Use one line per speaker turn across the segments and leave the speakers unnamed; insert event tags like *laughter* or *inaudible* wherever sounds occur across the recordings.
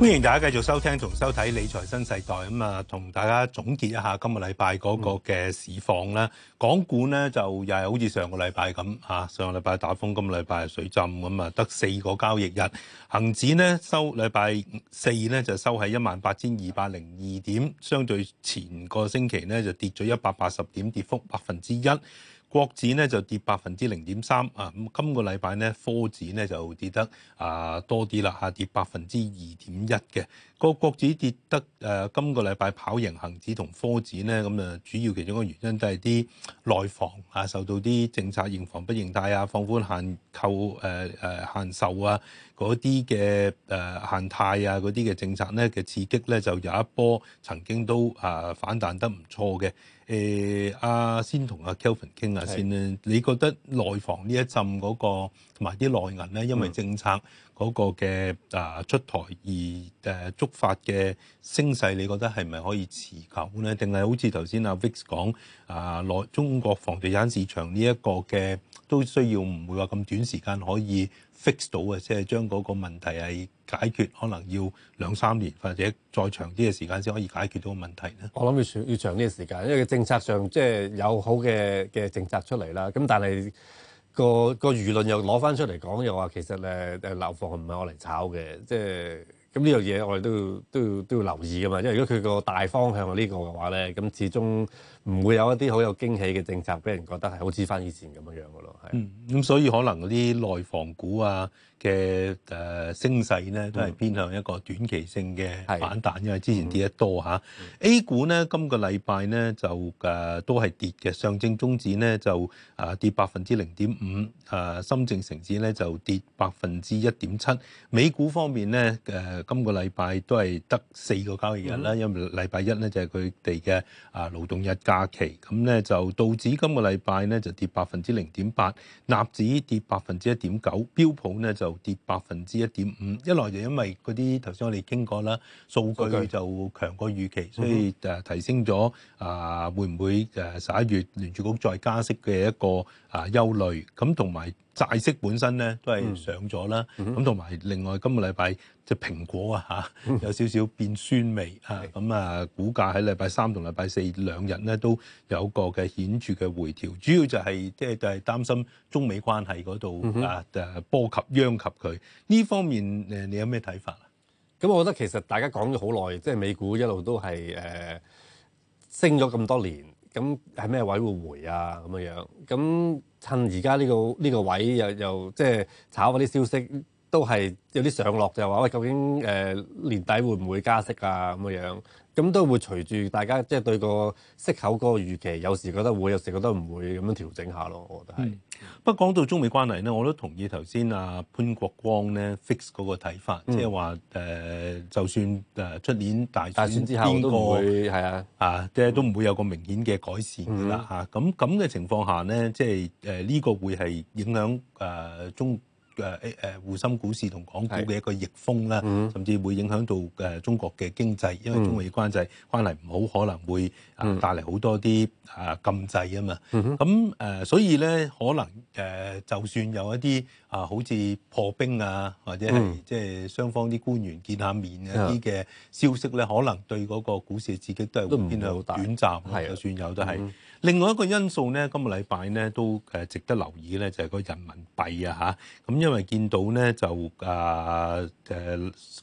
歡迎大家繼續收聽同收睇《理財新世代》咁啊，同、嗯、大家總結一下今個禮拜嗰個嘅市況啦。港股呢，就又係好似上個禮拜咁啊，上個禮拜打風，今個禮拜水浸咁啊，嗯，得四個交易日。恒指呢，收禮拜四呢，就收喺一萬八千二百零二點，相對前個星期呢，就跌咗一百八十點，跌幅百分之一。國指咧就跌百分之零點三啊，咁今個禮拜咧科指咧就跌得啊多啲啦，下跌百分之二點一嘅。個國指跌得誒、啊，今個禮拜跑贏恆指同科指咧，咁啊主要其中一個原因都係啲內房啊受到啲政策認房不認貸啊，放寬限購誒誒限售啊嗰啲嘅誒限貸啊嗰啲嘅政策咧嘅刺激咧就有一波曾經都啊反彈得唔錯嘅。誒阿先同阿 Kelvin 傾下先啦，你覺得內房呢一陣嗰個同埋啲內銀咧，因為政策嗰個嘅啊出台而誒觸發嘅升勢，你覺得係咪可以持久咧？定係好似頭先阿 Vix 講啊內中國房地產市場呢一個嘅？都需要唔會話咁短時間可以 fix 到嘅，即係將嗰個問題解決，可能要
兩三年或者再長啲嘅時間先可以解決到個問題咧。我諗要，要長要長啲嘅時間，因為政策上即係有好嘅嘅政策出嚟啦。咁但係，嗰個個輿論又攞翻出嚟講，又話其實誒誒樓房唔係我嚟炒嘅，即係。咁呢樣嘢我哋都要都要都要留意噶嘛，因為如果佢個大方向係呢個嘅話咧，咁始終唔會有一啲好有驚喜嘅政策，俾人覺得係好似翻以前咁樣樣嘅咯，係。嗯，咁所以可能
嗰啲內房股啊嘅誒升勢呢都係偏向一個短期性嘅反彈，因為之前跌得多嚇。A 股呢，今個禮拜呢就誒、啊、都係跌嘅，上證綜指呢就跌啊跌百分之零點五，誒深證成指呢就跌百分之一點七。美股方面呢，誒今個禮拜都係得四個交易日啦，因為禮拜一呢就係佢哋嘅啊勞動日假期，咁呢就道指今個禮拜呢就跌百分之零點八，納指跌百分之一點九，標普呢就 跌百分之一點五，一來就因為嗰啲頭先我哋傾過啦，數據就強過預期，據所以誒、呃、提升咗啊、呃，會唔會誒十一月聯儲局再加息嘅一個啊憂慮？咁同埋。債息本身咧都係上咗啦，咁同埋另外今個禮拜即係蘋果啊嚇，有少少變酸味、嗯、啊，咁啊股價喺禮拜三同禮拜四兩日咧都有個嘅顯著嘅回調，主要就係即係就係、係就係、擔心中美關係嗰度、
嗯、啊，啊波及殃及佢呢方面誒，你有咩睇法啊？咁我覺得其實大家講咗好耐，即、就、係、係、美股一路都係誒、呃、升咗咁多年，咁係咩位會回啊？咁樣樣咁。趁而家呢個呢、呢個位又又即係、即係、炒嗰啲消息，都係有啲上落就話，喂，究竟、呃、年底會唔會加息啊咁嘅樣？咁都會隨住大家即係對個息口嗰個預期，有時覺得會，有時覺得唔會咁樣調整下咯。我覺得係、嗯。不過講到中美關係咧，
我都同意頭先阿潘國光咧 fix 嗰個睇法，即係話誒，就算誒出年大選，大選之後個都唔會係啊，啊即係都唔會有個明顯嘅改善啦嚇。咁咁嘅情況下咧，即係誒呢個會係影響誒、呃、中。誒誒，滬深、啊啊、股市同港股嘅一個逆風啦，的嗯、甚至會影響到誒、啊、中國嘅經濟，因為中美關係關係唔好，可能會帶嚟好多啲啊禁制啊嘛。咁誒，所以咧，可能誒，就算有一啲。啊，好似破冰啊，或者係、嗯、即係雙方啲官員見下面一啲嘅消息咧，可能對嗰個股市嘅刺激都係會變得好大。大短暫、啊，的就算有都係。嗯、另外一個因素咧，今個禮拜咧都誒值得留意咧，就係、是、個人民幣啊嚇。咁因為見到咧就啊誒、呃，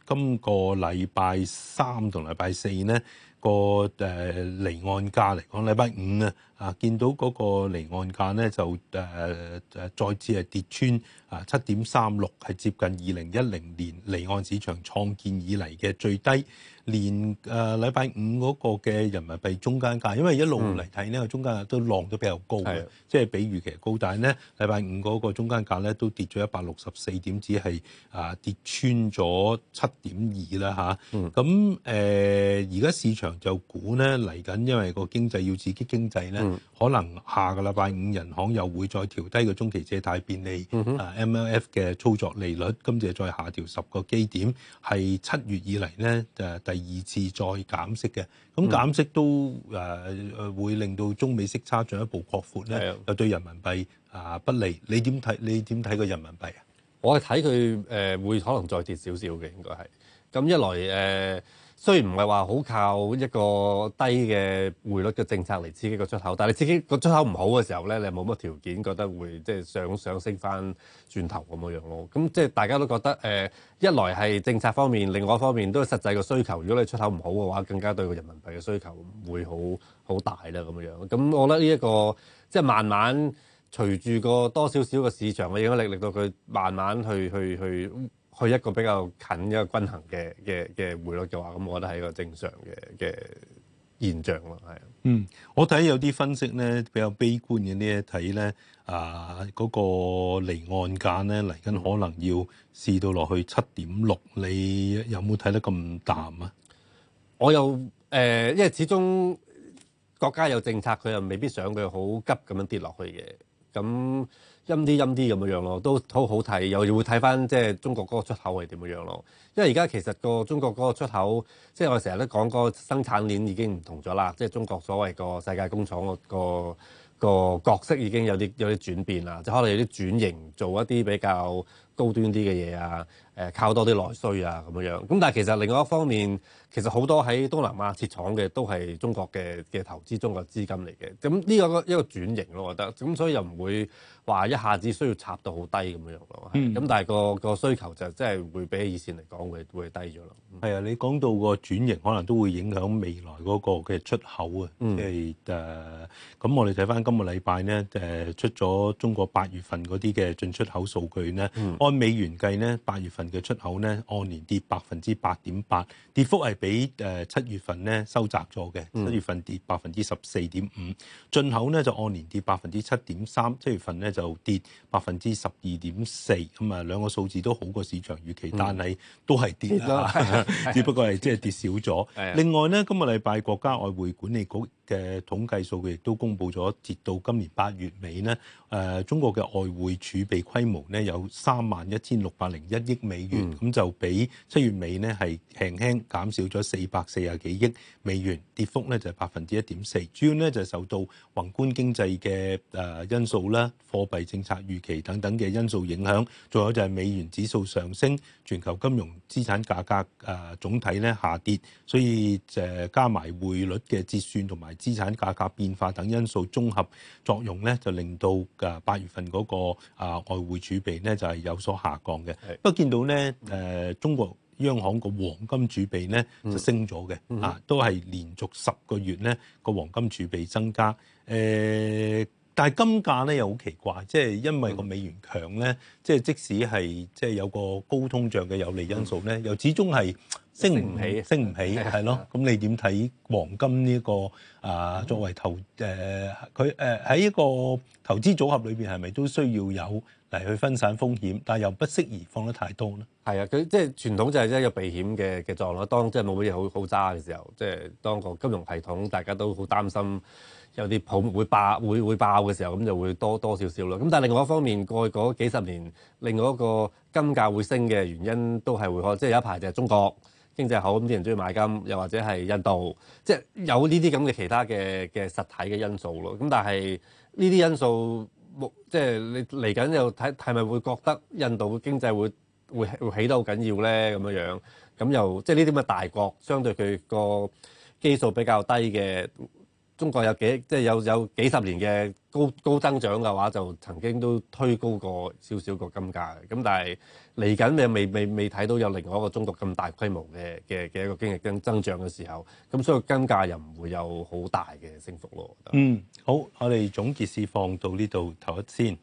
今個禮拜三同禮拜四咧。個誒離岸價嚟講，禮拜五啊啊見到嗰個離岸價咧、啊、就誒誒、啊、再次係跌穿啊，七點三六，係接近二零一零年離岸市場創建以嚟嘅最低。連誒禮拜五嗰個嘅人民幣中間價，因為一路嚟睇呢個中間價都浪都比較高嘅，即係、嗯、比預期高。但係呢禮拜五嗰個中間價呢都跌咗一百六十四點，只係啊跌穿咗七點二啦吓。咁誒而家市場就估呢嚟緊，因為個經濟要刺激經濟呢，可能下個禮拜五人行又會再調低個中期借貸便利啊 MLF 嘅操作利率，今次再下調十個基點，係七月以嚟呢。嘅第。二次再減息嘅，咁減息都誒會令到中美息差進一步擴闊咧，又對人民幣啊不利。你點睇？你點睇
個人民幣啊？我係睇佢誒會可能再跌少少嘅，應該係咁一來誒。雖然唔係話好靠一個低嘅匯率嘅政策嚟刺激個出口，但係你刺激個出口唔好嘅時候呢，你冇乜條件覺得會即係上上升翻轉頭咁樣咯。咁即係大家都覺得誒、呃，一來係政策方面，另外一方面都係實際嘅需求。如果你出口唔好嘅話，更加對個人民幣嘅需求會好好大啦咁樣。咁我覺得呢、這、一個即係、就是、慢慢隨住個多少少個市場嘅影響力，令到佢慢慢去去去。去去一個比較近一個均衡嘅嘅嘅匯率嘅話，咁我覺得係一個正常嘅嘅現象咯，係啊。嗯，
我睇有啲分析咧比較悲觀嘅呢一睇咧，啊嗰、嗰個離岸價咧嚟緊可能要試到落去七點六，你有冇睇得咁
淡啊？嗯、我又誒、呃，因為始終國家有政策，佢又未必想佢好急咁樣跌落去嘅。咁陰啲陰啲咁樣樣咯，都好好睇，又會睇返即係中國嗰個出口係點樣樣咯。因為而家其實個中國嗰個出口，即係我成日都講個生產鏈已經唔同咗啦。即係中國所謂個世界工廠個個角色已經有啲有啲轉變啦，就可能有啲轉型，做一啲比較。高端啲嘅嘢啊，誒靠多啲內需啊咁樣，咁但係其實另外一方面，其實好多喺東南亞設廠嘅都係中國嘅嘅投資、中國資金嚟嘅，咁呢個一個轉型咯，我覺得，咁所以又唔會話一下子需要插到好低咁樣咯，咁但係、嗰個、嗰個需求就真係會比以前嚟講會會低咗咯。係啊，你
講到個轉型，可能都會影響未來嗰個嘅出口啊，即係誒，咁、嗯呃、我哋睇翻今個禮拜咧誒出咗中國八月份嗰啲嘅進出口數據咧。嗯按美元計咧，八月份嘅出口咧，按年跌百分之八點八，跌幅係比誒七月份咧收窄咗嘅。七月份跌百分之十四點五，進口咧就按年跌百分之七點三，七月份咧就跌百分之十二點四。咁啊兩個數字都好過市場預期，但係都係跌，嗯、只不過係即係跌少咗。 *laughs* 另外咧，今個禮拜國家外匯管理局嘅統計數據亦都公布咗，截到今年八月尾呢，誒中國嘅外匯儲備規模呢有三萬一千六百零一億美元，咁、嗯、就比七月尾呢係輕輕減少咗四百四十幾億美元，跌幅呢就係百分之一點四。主要呢就係受到宏觀經濟嘅誒因素啦、貨幣政策預期等等嘅因素影響，仲有就係美元指數上升、全球金融資產價格誒總體咧下跌，所以誒加埋匯率嘅折算同埋。資產價格變化等因素綜合作用咧，就令到誒八月份嗰個啊外匯儲備咧就係有所下降嘅。不過是見到咧誒、嗯呃、中國央行個黃金儲備咧就、嗯、升咗嘅，啊都係連續十個月咧個黃金儲備增加。誒、呃，但係金價咧又好奇怪，即、就、係、是、因為個美元強咧，即係、嗯、即使係即係有個高通脹嘅有利因素咧，又始終係。升唔起，升唔起，係咯。 *laughs* 咁你點睇黃金呢個啊？作為投誒，佢誒喺一個投資組合裏邊，係咪都需要有？嚟去分散風險，但係又不適宜放得太多咧。
係啊，佢即係傳統就係一個避險嘅嘅狀況咯。當即係冇乜嘢好好揸嘅時候，即係當個金融系統大家都好擔心有啲泡沫會爆會會爆嘅時候，咁就會多多少少咯。咁但係另外一方面，過去嗰幾十年，另外一個金價會升嘅原因都係會可，即係有一排就係中國經濟好，咁啲人中意買金，又或者係印度，即係有呢啲咁嘅其他嘅嘅實體嘅因素咯。咁但係呢啲因素。即係你嚟緊又睇，係咪會覺得印度嘅經濟會會起會起得好緊要咧咁樣樣，咁又即係呢啲咁嘅大國，相對佢個基數比較低嘅。中國有幾即係有有幾十年嘅高高增長嘅話，就曾經都推高過少少個金價。咁但係嚟緊，你未未未睇到有另外一個中國咁大規模嘅嘅嘅一個經濟增增長嘅時候，咁所以金價又唔會有好大嘅升幅咯。嗯，好，我哋總結是放到呢度頭一先。